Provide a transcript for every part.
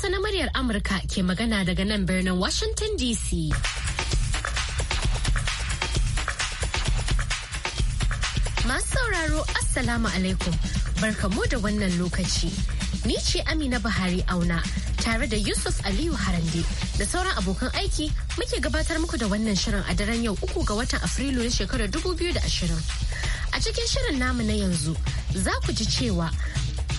Hausa na muryar Amurka ke magana daga nan birnin Washington DC. Masu sauraro Assalamu alaikum barkamu da wannan lokaci. Ni ce Amina Buhari auna tare da Yusuf Aliyu Harande da sauran abokan aiki muke gabatar muku da wannan shirin a daren yau uku ga watan Afrilu na shekarar 2020. A cikin shirin namu na yanzu za ku ji cewa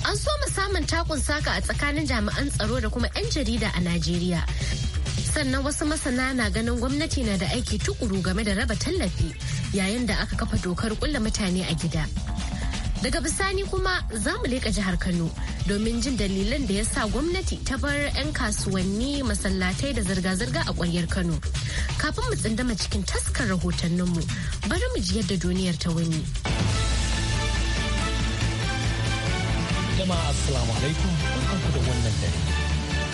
An so ma samun takun saka a tsakanin jami'an tsaro da kuma 'yan jarida a Najeriya. Sannan wasu masana na ganin gwamnati na da aiki tukuru game da raba tallafi yayin da aka kafa dokar kulla mutane a gida. Daga bisani kuma za mu leƙa jihar Kano domin jin dalilan da ya sa gwamnati ta bar 'yan kasuwanni masallatai da zirga-zirga a ƙwaryar Kano. Kafin mu tsindama cikin taskar rahotanninmu, bari mu ji yadda duniyar ta wani. jama'a assalamu alaikum barkanku da wannan dare.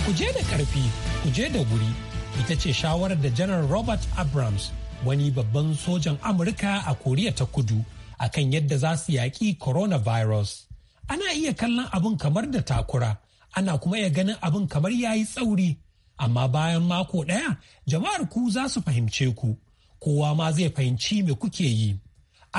Ku je da ƙarfi, ku je da wuri, ita ce shawarar da janar Robert Abrams wani babban sojan Amurka a Koriya ta kudu akan yadda za su yaƙi coronavirus. Ana iya kallon abin kamar da takura, ana kuma iya ganin abin kamar ya yi tsauri. Amma bayan mako ɗaya, jama'ar ku za su fahimce ku, kowa ma zai fahimci me kuke yi.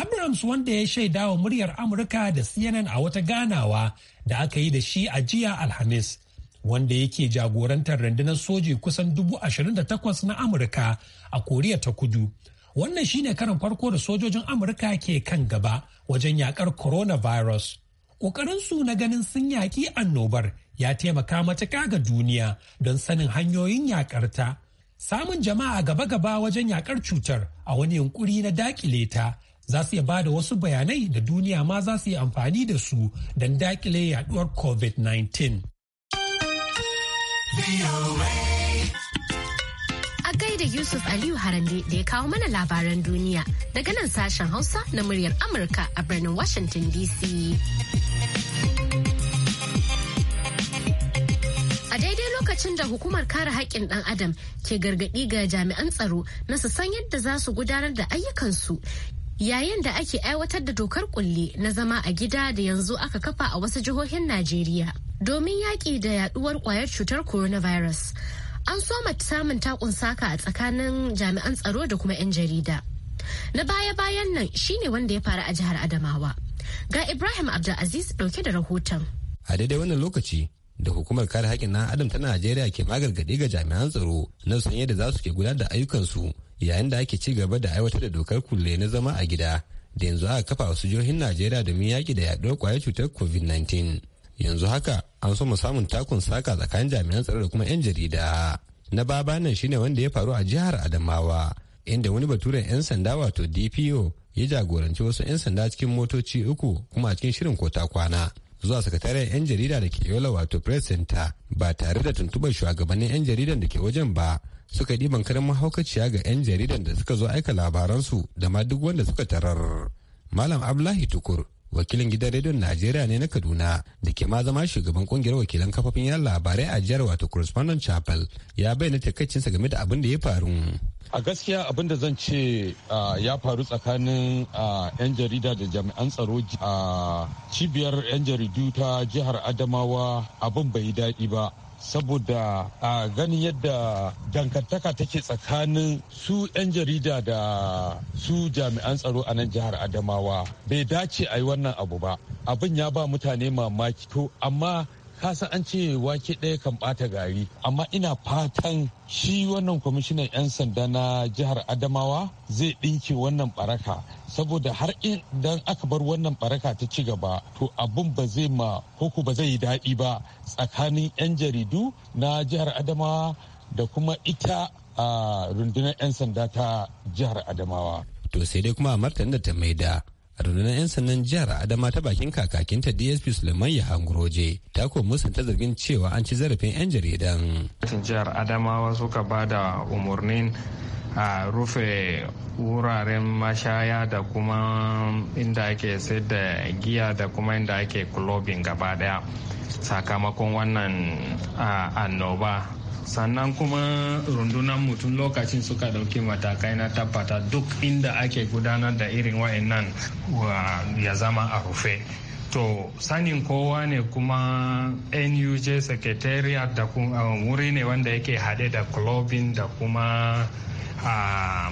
abrams wanda ya shaida wa muryar amurka da cnn a wata ganawa da aka yi da shi a jiya alhamis wanda yake jagorantar rundunar soji kusan dubu ashirin da takwas na amurka a koriya ta kudu wannan shi ne karin farko da sojojin amurka ke kan gaba wajen yakar coronavirus ƙoƙarinsu na ganin sun yaƙi annobar ya taimaka matuƙa ga duniya don sanin hanyoyin yakarta samun jama'a gaba-gaba wajen yakar cutar a wani yunkuri na dakile ta za su iya ba da wasu bayanai da duniya ma za su yi amfani da su don dakile yaduwar covid-19 a gaida Yusuf Aliyu Harande da ya kawo mana labaran duniya daga nan sashen Hausa na muryar Amurka a birnin Washington DC. A daidai lokacin da hukumar kare haƙƙin ɗan Adam ke gargaɗi ga jami'an tsaro na su san yadda za su gudanar da ayyukansu yayin da ake aiwatar da dokar kulle na zama a gida da yanzu aka kafa a wasu jihohin Najeriya domin yaƙi da yaduwar kwayar cutar coronavirus. An soma samun takun saka a tsakanin jami'an tsaro da kuma 'yan jarida. Na baya-bayan nan shine wanda ya faru a jihar Adamawa. Ga Ibrahim Abdulaziz ɗauke da rahoton. A daidai wannan lokaci, da hukumar kare haƙƙin ɗan adam ta najeriya ke magargaɗe ga jami'an tsaro na san yadda za su ke gudanar da ayyukansu yayin da ake ci gaba da aiwatar da dokar kulle na zama a gida da yanzu aka kafa wasu jihohin najeriya domin yaƙi da yaɗuwar ƙwayar cutar covid-19 yanzu haka an so mu samun takun saka tsakanin jami'an tsaro da kuma 'yan jarida na baba nan shine wanda ya faru a jihar adamawa inda wani baturen 'yan sanda wato dpo ya jagoranci wasu 'yan sanda cikin motoci uku kuma a cikin shirin kota kwana zuwa sakataren 'yan jarida da ke yola wato press center ba tare da tuntubar shugabannin 'yan jaridan da ke wajen ba suka yi diban karamin haukaciya ga 'yan jaridan da suka zo aika labaransu da ma duk wanda suka tarar malam ablahi tukur wakilin gidan rediyon najeriya ne na kaduna da ke ma zama shugaban kungiyar wakilan kafafin yan labarai a jihar wato correspondent chapel ya bayyana takaicinsa game da abin da ya faru a gaskiya abin da zan ce ya faru tsakanin 'yan jarida da jami'an tsaro a cibiyar 'yan jaridu ta jihar adamawa abin bai yi daɗi ba saboda a ganin yadda dangantaka take tsakanin su 'yan jarida da su jami'an tsaro a nan jihar adamawa bai dace a yi wannan abu ba abin ya ba mutane mamaki to amma kasan an ce wake ɗaya kan ɓata gari amma ina fatan shi wannan kwamishinan 'yan sanda na jihar adamawa zai ɗinke wannan ɓaraka saboda har idan aka bar wannan ɓaraka ta ci gaba to abun ba zai ma ba zai yi daɗi ba tsakanin 'yan jaridu na jihar adamawa da kuma ita a rundunar 'yan sanda ta jihar adamawa to sai dai kuma a martanin da ta da rundunar 'yan sannan jihar adama ta bakin kakakinta dsp suleiman ya hangroje ta ko musanta zargin cewa an ci zarafin 'yan jaridan jihar adamawa suka ba da umarnin a rufe wuraren mashaya da kuma inda ake sayar da giya da kuma inda ake clubbing gaba daya sakamakon wannan annoba sannan kuma rundunar mutum lokacin suka dauki matakai na tabbata duk inda ake gudanar da irin wa'annan ya zama a rufe to sanin kowa ne kuma nuj secretariat da wuri ne wanda yake haɗe da clubin da kuma a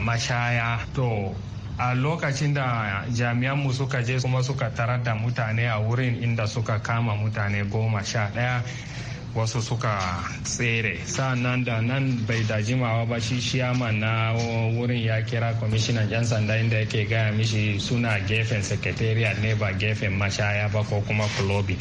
mashaya to a lokacin da jami'anmu suka je kuma suka tarar da mutane a wurin inda suka kama mutane goma sha ɗaya wasu suka tsere nan da nan bai da jimawa ba shi shiyama na wurin ya kira kwamishinan yan sanda inda yake gaya mishi suna gefen sekretariya ne ba gefen mashaya ba ko kuma kulobi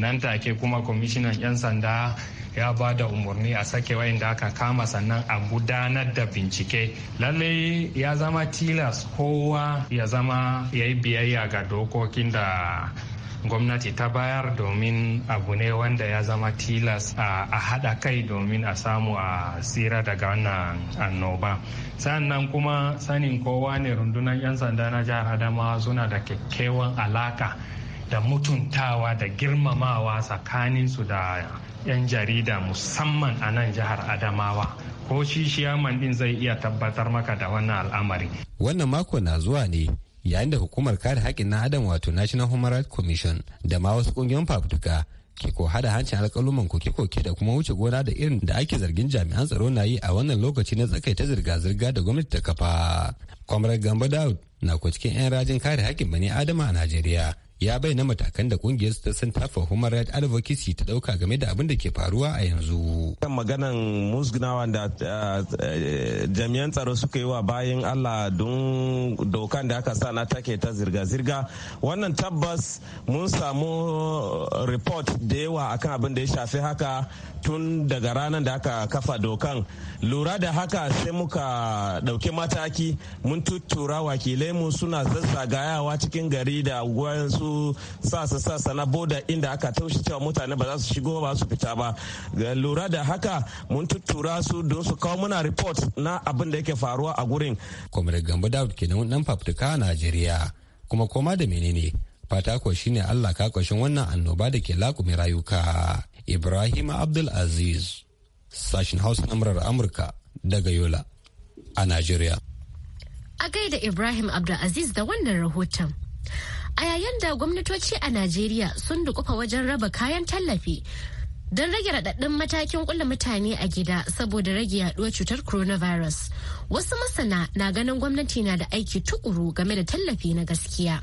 nan take kuma kwamishinan yan sanda ya ba da umarni a sake wayanda aka kama sannan a gudanar da bincike lallai ya zama tilas kowa ya zama ya yi biyayya ga dokokin da gwamnati ta bayar domin abu ne wanda ya zama tilas a haɗa kai domin a samu a tsira daga wannan annoba sannan kuma sanin kowa ne rundunar 'yan sanda na jihar adamawa suna da kyakkyawan alaka da mutuntawa da girmamawa tsakaninsu da 'yan jarida musamman a nan jihar adamawa ko shi shiyaman din zai iya tabbatar maka da wannan al'amari wannan mako na zuwa ne yayin da hukumar kare haƙƙin na adam wato national human rights commission da ma wasu ƙungiyoyin fafutuka ke ko hada hancin alƙaluman koke-koke da kuma wuce gona da irin da ake zargin jami'an tsaro na yi a wannan lokaci na tsakaita zirga-zirga da gwamnati ta kafa. Comrade Gambo Daud na ko cikin 'yan rajin kare haƙƙin bani Adama a Najeriya ya bayyana matakan da kungiyar ta Center for Human Rights Advocacy ta dauka game da abin da ke faruwa a yanzu. Kan maganan musgunawa da uh, eh, jami'an tsaro suka yi wa bayan Allah don dokan da aka sa na take ta zirga-zirga. Wannan tabbas mun samu report da yawa akan abin da ya shafi haka tun daga ranar da aka kafa dokan. Lura da haka sai muka dauki mataki mun tuttura wakilai mu suna zazzagayawa cikin gari da su su sasa sasa na boda inda aka taushe cewa mutane ba za su shigo ba su fita ba ga lura da haka mun tuttura su don su kawo muna report na abin da yake faruwa a gurin kwamar gambo daud nan dan fafutuka a najeriya kuma koma da menene fata ko shine allah ka kwashin wannan annoba da ke lakume rayuka ibrahim abdul aziz sashin hausa na murar amurka daga yola a najeriya a gaida ibrahim abdul aziz da wannan rahoton A yayin da gwamnatoci a Najeriya sun dukufa wajen raba kayan tallafi don rage raɗaɗɗen matakin kula mutane a gida saboda rage yaɗuwar cutar coronavirus. Wasu masana na ganin gwamnati na da aiki tukuru game da tallafi na gaskiya.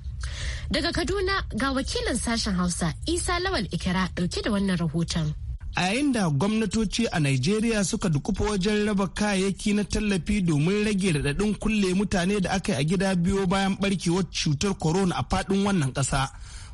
Daga Kaduna ga wakilin sashen Hausa Isa Lawal Ikira ɗauke da wannan rahoton. a yayin da gwamnatoci a Najeriya suka dukufa wajen raba kayayyaki na tallafi domin rage radadin kulle mutane da aka yi a gida biyo bayan barkewar cutar corona a faɗin wannan ƙasa.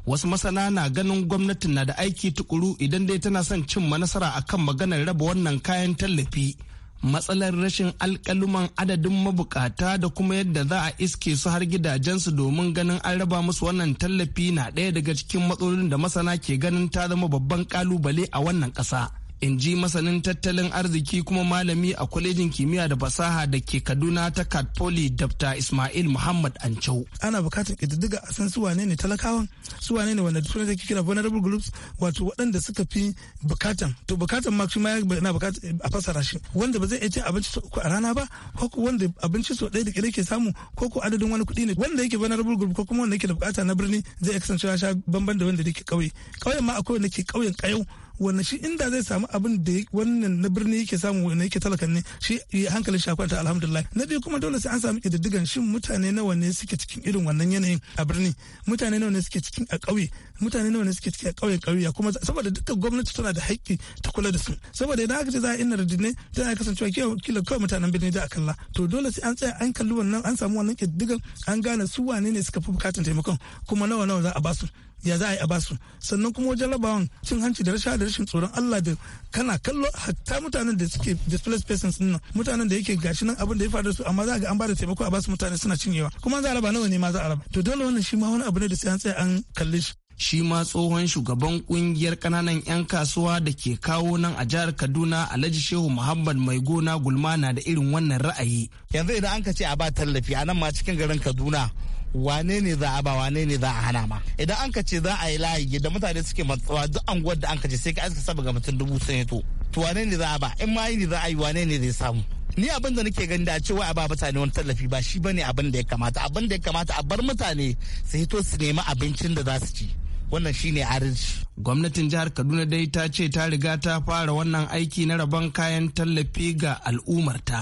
Wasu masana na ganin gwamnatin na da aiki tukuru idan dai tana son cimma nasara akan maganar raba wannan kayan tallafi. matsalar rashin alkaluman adadin mabukata da kuma yadda za a iske su har gidajensu domin ganin an raba musu wannan tallafi na ɗaya daga cikin matsalolin da masana ke ganin ta zama babban kalubale a wannan ƙasa. in ji masanin tattalin arziki kuma malami a kwalejin kimiyya da fasaha da ke kaduna ta katpoli dr ismail muhammad ancau ana bukatar kididdiga a san su wane ne talakawan su wane ne wanda turai take kira vulnerable groups wato waɗanda suka fi bukatan to bukatan ma shi ma yana bukatar a fasara shi wanda ba zai iya cin abinci so uku a rana ba ko wanda abinci so ɗaya da kire ke samu ko ko adadin wani kuɗi ne wanda yake vulnerable group ko kuma wanda yake da bukata na birni zai iya kasancewa sha banban da wanda yake ƙauye ƙauyen ma akwai wanda ke ƙauyen ƙayau wannan shi inda zai samu abin da wannan na birni yake samu wanne yake talakan ne shi hankalin shi akwai ta alhamdulillah na biyu kuma dole sai an samu kididdigan shin mutane nawa ne suke cikin irin wannan yanayin a birni mutane nawa ne suke cikin a ƙauye mutane nawa ne suke cikin a ƙauyen ƙauye kuma saboda duka gwamnati tana da haƙƙi ta kula da su saboda idan aka ce za a inna ne tana kasancewa kila kawai mutanen birni da a to dole sai an tsaya an kalli wannan an samu wannan kididdigan an gane su wane ne suka fi bukatan taimakon kuma nawa nawa za a basu ya za a yi a basu sannan kuma wajen rabawan cin hanci da rashin da rashin tsoron Allah da kana kallo hatta mutanen da suke displaced persons din nan mutanen da yake gashi nan abin da ya faru su amma za ga an bada taimako a basu mutane suna cinyewa kuma za a raba nawa ne ma za a raba to dole wannan shi ma wani abu ne da sai an tsaya an kalli shi shi ma tsohon shugaban kungiyar kananan 'yan kasuwa da ke kawo nan a jihar kaduna alhaji shehu muhammad mai gona gulma na da irin wannan ra'ayi yanzu idan an ka ce a ba tallafi a nan ma cikin garin kaduna wane ne za a ba wane ne za a hana ma idan an ka ce za a yi layi da mutane suke matsawa duk anguwar da an ka ce sai ka aska saba ga mutum dubu sun to to wane ne za a ba in ma yi ne za a yi wane ne zai samu ni abin da nake gani da a cewa a ba mutane wani tallafi ba shi bane abin da ya kamata abin da ya kamata a bar mutane su hito su nemi abincin da za su ci wannan shine adalci gwamnatin jihar kaduna dai ta ce ta riga ta fara wannan aiki na rabon kayan tallafi ga al'ummarta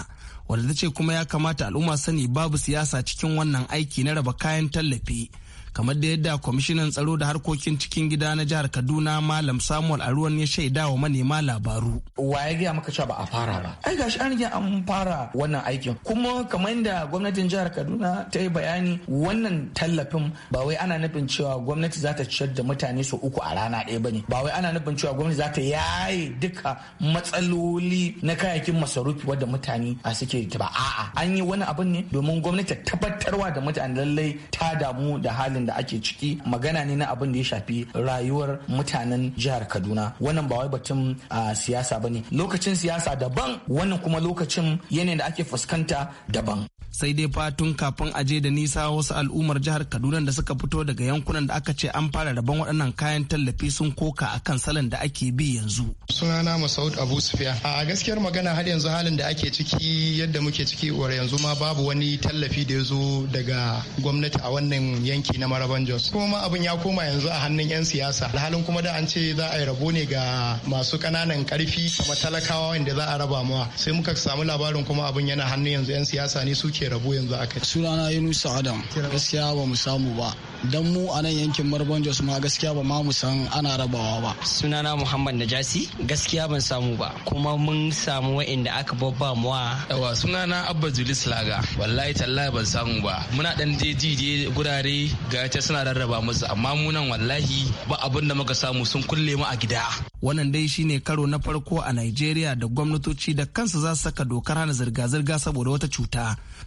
wadda ta ce kuma ya kamata al'umma sani babu siyasa cikin wannan aiki na raba kayan tallafi kamar da yadda kwamishinan tsaro da harkokin cikin gida na jihar kaduna malam samuel aruwan ya shaida wa manema labaru Wa ya gaya maka cewa ba a fara ba ai gashi an riga an fara wannan aikin kuma kamar yadda gwamnatin jihar kaduna ta yi bayani wannan tallafin ba wai ana nufin cewa gwamnati za ta ciyar da mutane su uku a rana ɗaya ne. ba wai ana nufin cewa gwamnati za ta yaye duka matsaloli na kayayyakin masarufi wadda mutane a suke ba a'a an yi wani abun ne domin gwamnati ta tabbatarwa da mutane lallai ta damu da halin da ake ciki magana ne na abin da ya shafi rayuwar mutanen jihar kaduna wannan ba wai batun siyasa ba ne lokacin siyasa daban wannan kuma lokacin yanayin da ake fuskanta daban sai dai fatun kafin a je da nisa wasu al'ummar jihar kaduna da suka fito daga yankunan da aka ce an fara rabon waɗannan kayan tallafi sun koka a kan salon da ake bi yanzu sunana masaud abu sufiya a gaskiyar magana har yanzu halin da ake ciki yadda muke ciki war yanzu ma babu wani tallafi da ya zo daga gwamnati a wannan yanki na maraban jos kuma ma abin ya koma yanzu a hannun 'yan siyasa alhalin kuma da an ce za a yi rabo ne ga masu ƙananan ƙarfi kamar talakawa wanda za a raba mawa sai muka samu labarin kuma abin yana hannun yanzu 'yan siyasa ne suke kuke rabu yanzu aka sunana yunusa adam gaskiya ba mu samu ba dan mu a nan yankin marban jos ma gaskiya ba ma mu san ana rabawa ba sunana muhammad najasi gaskiya ban samu ba kuma mun samu wa'inda aka babba wa. yawa sunana abba julis laga wallahi tallahi ban samu ba muna dan jeji je gurare ga ta suna rarraba musu amma mu nan wallahi ba abin da muka samu sun kulle mu a gida wannan dai shine karo na farko a Najeriya da gwamnatoci da kansu za su saka dokar hana zirga-zirga saboda wata cuta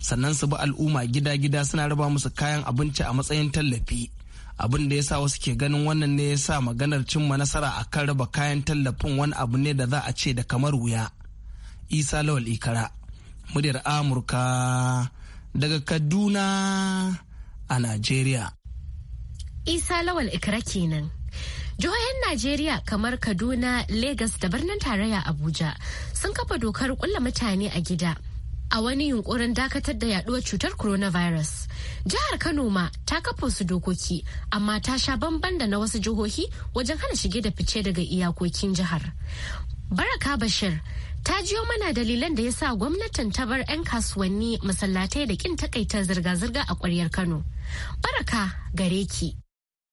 sannan su bi al'umma gida-gida suna raba musu kayan abinci a matsayin tallafi abin da ya sa wasu ke ganin wannan ne ya sa maganar cimma nasara a kan raba kayan tallafin wani abu ne da za a ce da kamar wuya isa lawal ikara muryar amurka daga kaduna a nigeria. isa lawal ikara kenan Jihohin Najeriya kamar Kaduna, Legas da birnin tarayya Abuja sun kafa dokar kulla mutane a gida a wani yunkurin dakatar da yaduwar cutar coronavirus. Jihar Kano ma ta kafa su dokoki amma ta sha bamban da na wasu jihohi wajen hana shige da fice daga iyakokin jihar. Baraka Bashir ta jiyo mana dalilan da ya sa gwamnatin ta bar 'yan kasuwanni masallatai da kin takaita zirga-zirga a ƙwaryar Kano. Baraka gare ki.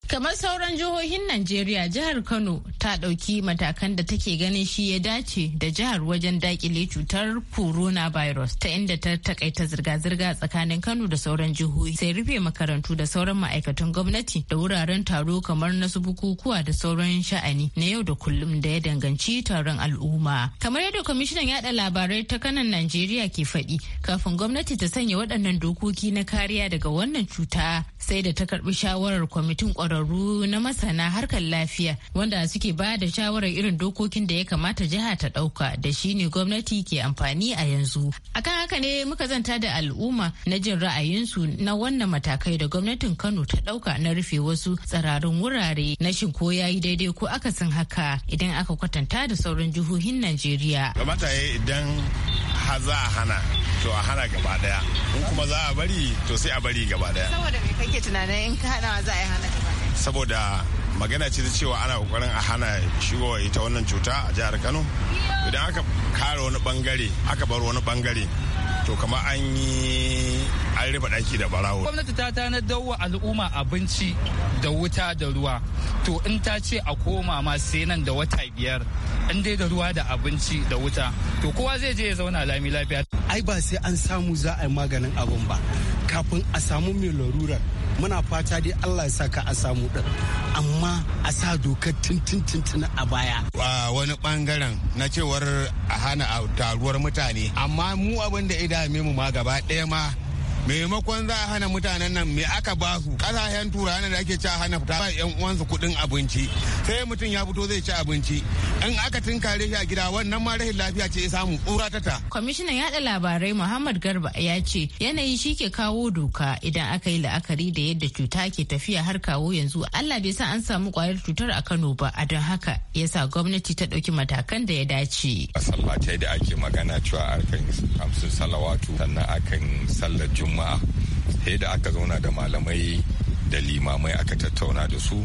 Kamar sauran jihohin Najeriya jihar Kano ta ɗauki matakan da take ganin shi ya dace da jihar wajen dakile cutar coronavirus ta inda ta takaita zirga-zirga tsakanin Kano da sauran jihohi sai rufe makarantu da sauran ma'aikatan gwamnati da wuraren taro kamar na su bukukuwa da sauran sha'ani na yau da kullum da ya danganci taron al'umma. Kamar yadda kwamishinan yada labarai ta kanan Najeriya ke faɗi kafin gwamnati ta sanya waɗannan dokoki na kariya daga wannan cuta sai da ta karɓi shawarar kwamitin ƙwararru ƙwararru na masana harkar lafiya wanda suke ba da shawarar irin dokokin da ya kamata jiha ta ɗauka da shi ne gwamnati ke amfani a yanzu. Akan haka ne muka zanta da al'umma na jin ra'ayinsu na wannan matakai da gwamnatin Kano ta ɗauka na rufe wasu tsararun wurare na shin ko yayi daidai ko akasin haka idan aka kwatanta da sauran jihohin Najeriya. Kamata idan za a hana to a hana gaba daya in kuma za a bari to sai a bari gaba daya saboda me kake tunanin in ka hana za a hana saboda magana ce ta cewa ana kokarin a hana shigowa ita wannan cuta a jihar kano idan aka kare wani bangare aka bar wani bangare to kama an yi an rufe daki da barawo. gwamnati ta tanadar wa al'umma abinci da wuta da ruwa to in ta ce a koma ma sai nan da wata biyar in dai da ruwa da abinci da wuta to kowa zai je ya zauna lami lafiya. ai ba sai an samu za a yi maganin abin ba kafin a samu mai larurar muna fata dai Allah ya sa ka a samu din amma a sa dokar tintin a baya a wani bangaren na cewar a hana taruwar mutane amma mu abin da idame mu ma gaba ɗaya ma maimakon za a hana mutanen nan me aka ba su kasashen turawa da ake ci a hana fita ba yan uwansu kuɗin abinci sai mutum ya fito zai ci abinci in aka tunkare shi a gida wannan ma rashin lafiya ce ya samu ƙura ta ta. kwamishinan yaɗa labarai muhammad garba ya ce yanayi shi ke kawo doka idan aka yi la'akari da yadda cuta ke tafiya har kawo yanzu allah bai sa an samu kwayar cutar a kano ba a don haka ya sa gwamnati ta ɗauki matakan da ya dace. masallatai da ake magana cewa akan hamsin salawatu sannan akan sallar juma'a juma'a sai da aka zauna da malamai da limamai aka tattauna da su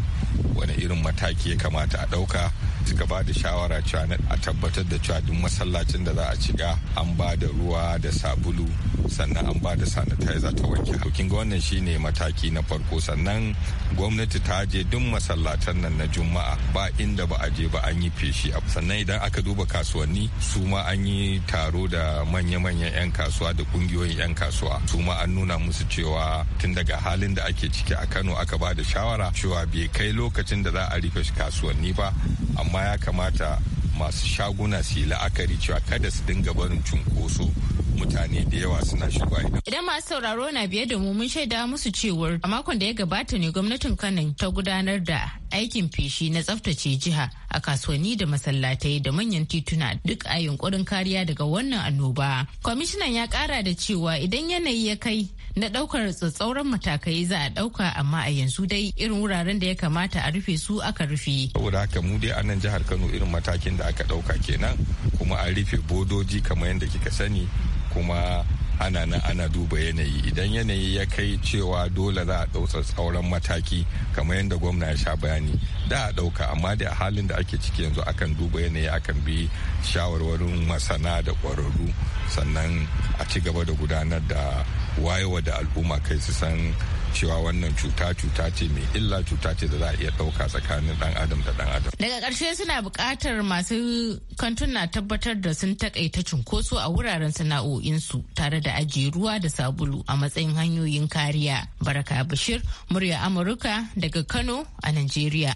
wani irin mataki ya kamata a ɗauka suka ba da shawara cewa a tabbatar da cewa duk masallacin da za a shiga an ba da ruwa da sabulu sannan an ba da sanitizer ta wanke kin ga wannan shine mataki na farko sannan gwamnati ta je duk masallatan nan na juma'a ba inda ba a je ba an yi feshi sannan idan aka duba kasuwanni su ma an yi taro da manya-manyan 'yan kasuwa da kungiyoyin 'yan kasuwa su ma an nuna musu cewa tun daga halin da ake ciki a kano aka ba da shawara cewa bai kai lokacin da za a rufe kasuwanni ba amma amma ya kamata masu shaguna su yi la'akari cewa kada su dinga barin cunkoso mutane da yawa suna shiga idan. Idan masu sauraro na biye da mu mun shaida musu cewar a makon da ya gabata ne gwamnatin Kano ta gudanar da aikin feshi na tsaftace jiha a kasuwanni da masallatai da manyan tituna duk a yunkurin kariya daga wannan annoba. Kwamishinan ya kara da cewa idan yanayi ya kai na daukar tsatsauran matakai za a dauka amma a yanzu dai irin wuraren da ya kamata a rufe su aka rufe saboda haka mu dai a nan jihar Kano irin matakin da aka dauka kenan kuma a rufe bodoji kamar yadda kika sani kuma ana nan ana duba yanayi idan yanayi ya kai cewa dole za a ɗauka tsauran mataki kamar yadda gwamna ya sha bayani da a ɗauka amma da halin da ake ciki yanzu akan duba yanayi akan bi shawarwarin masana da kwararru sannan a ci gaba da gudanar da wayewa da al'umma kai su san cewa wannan cuta cuta ce mai illa cuta ce da za a iya ɗauka tsakanin ɗan adam da ɗan adam. Daga ƙarshe suna bukatar masu kantuna tabbatar da sun takaita cunkoso a wuraren sana'o'insu tare da ajiye ruwa da sabulu a matsayin hanyoyin kariya. Baraka Bashir, murya Amurka daga Kano a Najeriya.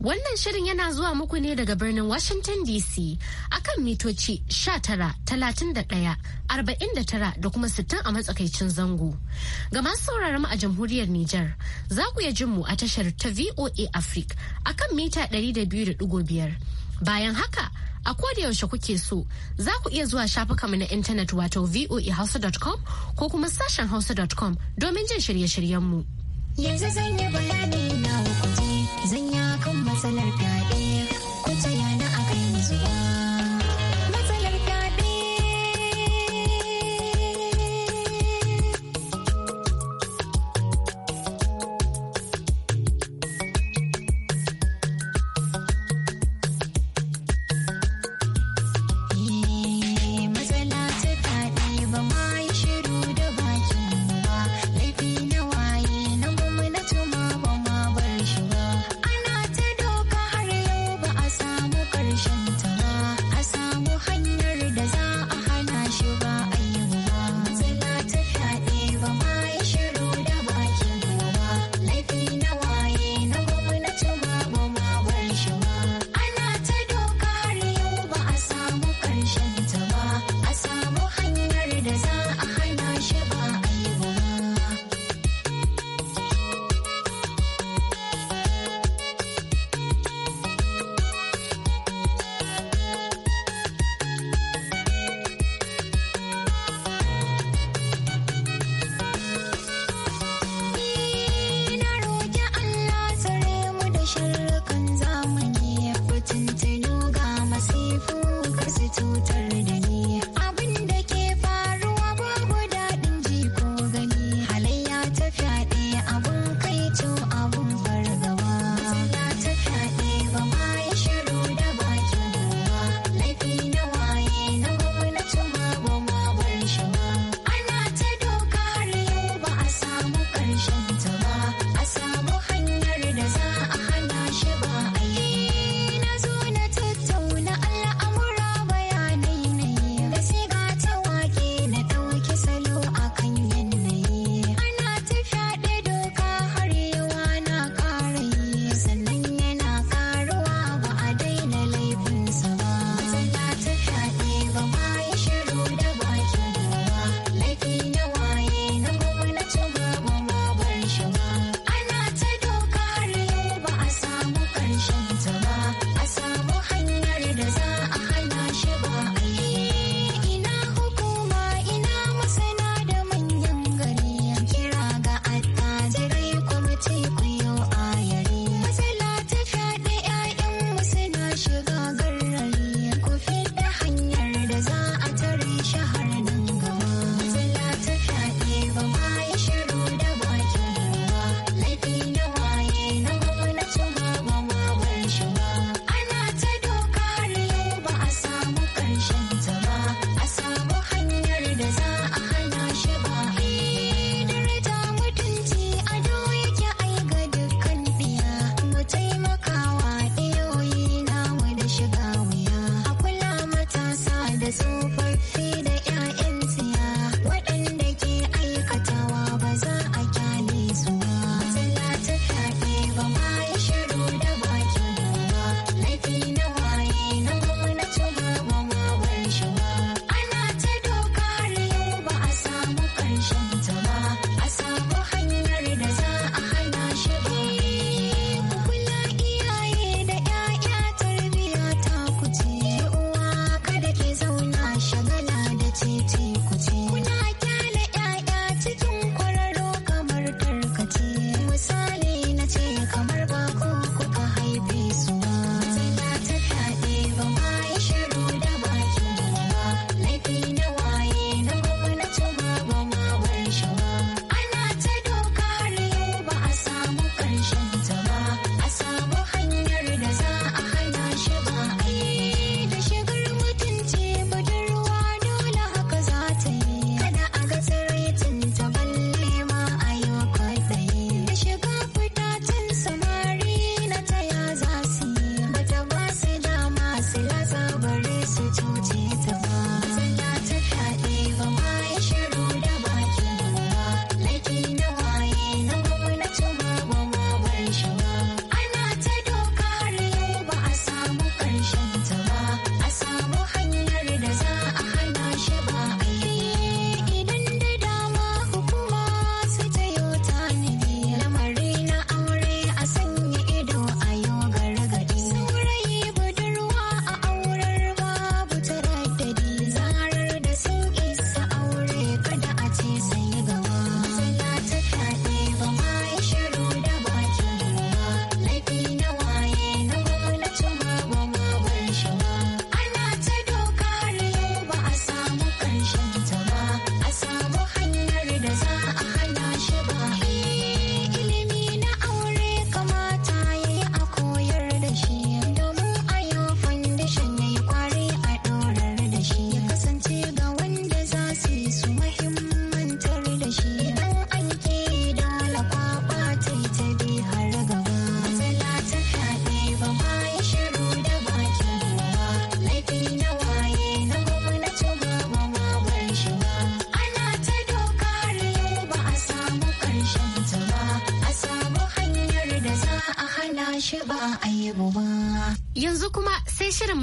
Wannan shirin yana zuwa muku ne daga birnin Washington DC akan mitoci talatin da kuma 60 a matsakaicin zango. Ga masu sauraron a jamhuriyar Nijar, za ku iya jin mu a tashar ta VOA Africa akan mita 200.5. Bayan haka, a koda yaushe kuke so, za ku iya zuwa shafukanmu na intanet wato voahausa.com ko kuma sashen hausa.com domin jin shirye-shiryenmu. Yanzu zan yi bayani na hukunci.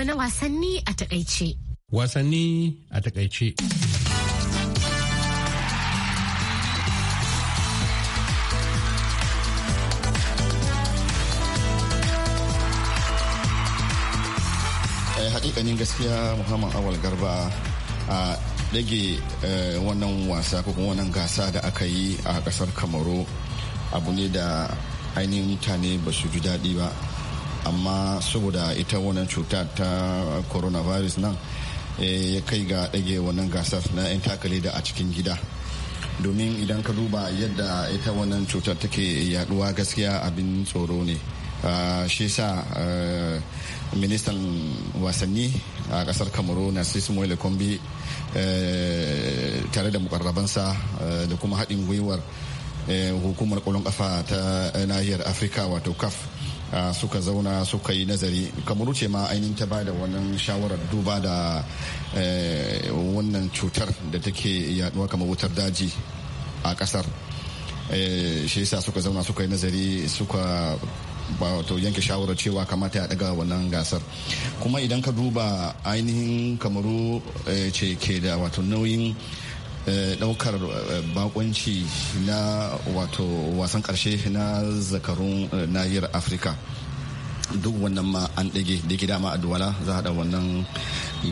na wasanni a takaice. Wasanni a takaice. Eh, hakikanin gaskiya muhammad awal garba a dage eh, wannan wasa ko kuma wannan gasa da aka yi a ƙasar kamaru abu ne da ainihin mutane ba su ji daɗi ba amma saboda ita wannan cuta ta coronavirus nan eh, ya kai ga ɗage wannan gasar na 'yan takali da a cikin gida domin idan ka duba yadda ita wannan cutar take yaduwa gaskiya abin tsoro ne ah, shi sa eh, ministan wasanni a kasar kamaru na sismoyle kombi eh, tare da mukarrabansa da kuma haɗin gwiwar hukumar kwallon ƙafa ta nahiyar afirka wato caf suka zauna suka yi nazari kamar ce ma ainihin ta bada wannan shawarar duba da eh, wannan cutar da take yaduwa kamar wutar daji a kasar eh, shi yasa suka zauna suka yi nazari suka wato yanke shawarar cewa kamata ya daga wannan gasar kuma idan ka duba ainihin kamaru eh, ce ke da wato nauyin Eh, daukar eh, bakonci na wato wasan karshe na zakarun eh, nahiyar afirka duk wannan ma an dage da ke dama a za a wannan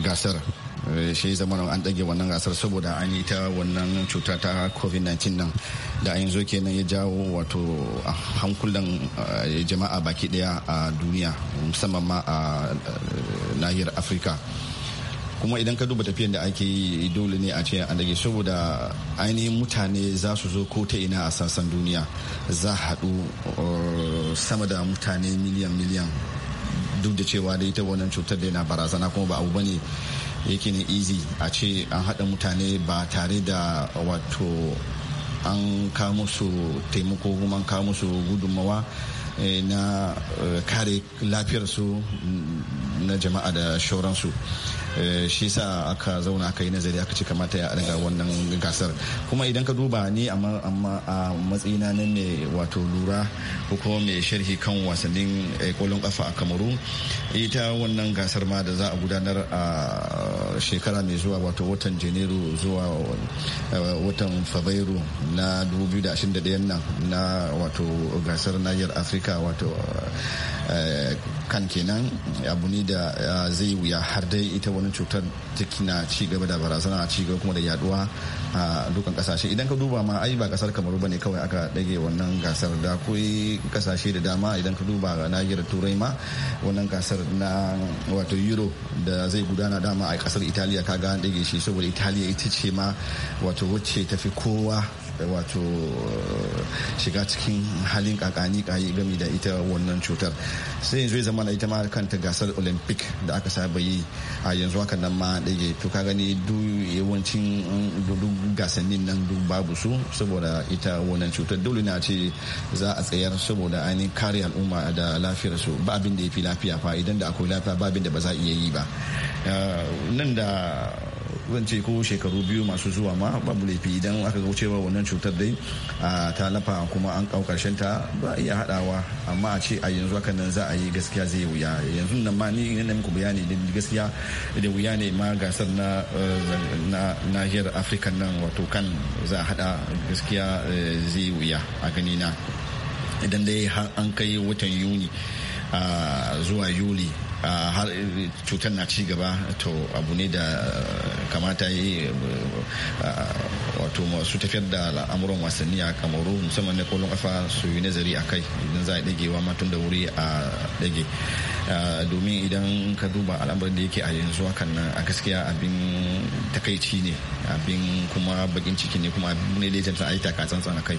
gasar shi zama an dage wannan gasar saboda an yi ta wannan cuta ta covid-19 nan da an zo kenan ya jawo wato hankulan jama'a baki ɗaya a duniya musamman ma a nahiyar afirka kuma idan ka duba tafiyan da ake yi dole ne a ce an dage saboda ainihin mutane za su zo ko ta ina a sassan duniya za haɗu uh, sama da mutane miliyan miliyan duk da cewa da ita wannan cutar da yana barazana kuma ba abu ba ne yake ne easy a ce an haɗa mutane ba tare da wato an kawo musu taimako kuma an kawo musu gudunmawa eh, na eh, kare lafiyarsu mm, na jama'a da shauransu eh, shi sa aka zauna aka yi nazari aka cikamata kamata ya daga wannan gasar kuma idan ka duba ni amma a matsayina na mai wato lura ko kuma mai sharhi kan wasannin kolon eh, kafa a kamaru ita wannan gasar ma da za a gudanar a shekara mai zuwa wato watan janairu zuwa eh, watan fabairu na 2021 na wato gasar nahiyar afirka wato kan kenan abu ne da eh, zai wuya har dai ita wani cutar jiki na ci gaba da barazana ci gaba kuma da yaduwa a dukkan kasashe idan ka duba ma ai ba kasar kamaru bane kawai aka dage wannan gasar da koi kasashe da dama idan ka duba na nahiyar turai ma wannan gasar na wato euro da zai gudana dama a kasar italiya ka an dage shi saboda italiya ita ce ma wato wacce tafi kowa wato eh, shiga cikin halin kakani kayi game da ita wannan cutar sai yanzu zama na ita ma kanta gasar olympic da aka saba yi a yanzu haka nan ma ɗage to ka gani du yawancin mm, duk gasannin nan du babu su saboda ita wannan cutar dole na ce za a tsayar saboda ainihin kare al'umma da lafiyar su ba abin da ya fi lafiya fa idan da akwai lafiya ba abin da ba za a iya yi ba eh, nan da zan ce ko shekaru biyu masu zuwa ma babu laifi idan aka ga cewa wannan cutar dai ta lafa kuma an kau karshen ta ba iya hadawa amma a ce a yanzu haka nan za a yi gaskiya zai wuya yanzu nan ma ni nan muku bayani da gaskiya da wuya ne ma gasar na eh, nahiyar afirka nan wato kan za a hada gaskiya eh, zai wuya a gani na idan dai an kai watan yuni zuwa yuli Ah, har eh, cutar na ci gaba to abu ne da eh, kamata yi eh, ah, wato masu tafiyar da al'amuran wasanni a kamaru musamman na kolon kafa su yi nazari a kai idan za a dagewa matun da wuri a dage ah, domin idan ka duba al'amuran da yake a yanzu hakan nan a gaskiya abin takaici ne abin kuma bakin ciki ne kuma abin ne da ya jamsa a yi takatsan kai.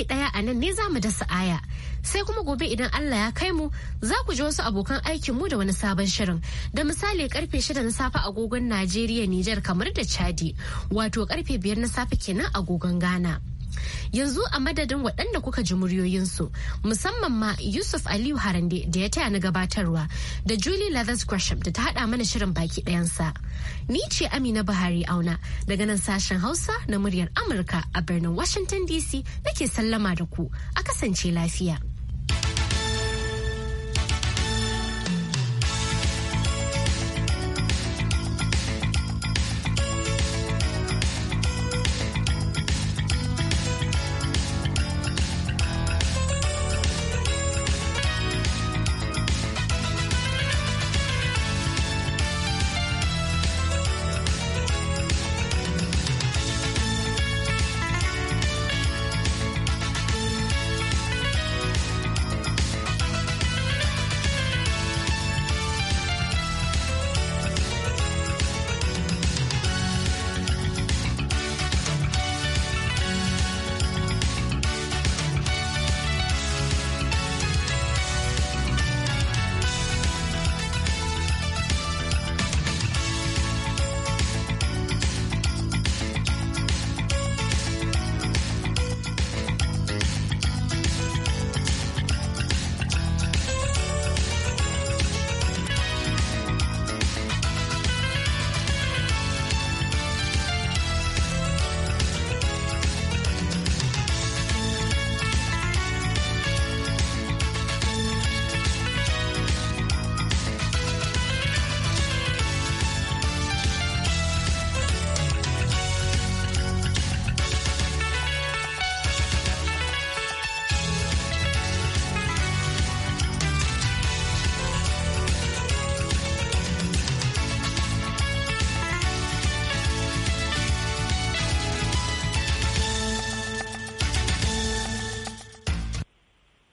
baki daya a nan ne za mu dasa aya sai kuma gobe idan Allah ya kai mu za ku ji wasu abokan aikin mu da wani sabon shirin da misali karfe shida na safe agogon Najeriya Nijar kamar da Chadi wato karfe biyar na safe kenan agogon Ghana. yanzu a madadin waɗanda kuka ji muryoyinsu musamman ma yusuf aliyu harande da ya taya na gabatarwa da julie lathers gresham da ta haɗa mana shirin baki ɗayansa ni ce amina buhari auna daga nan sashen hausa na muryar amurka a birnin washington dc nake sallama da ku a kasance lafiya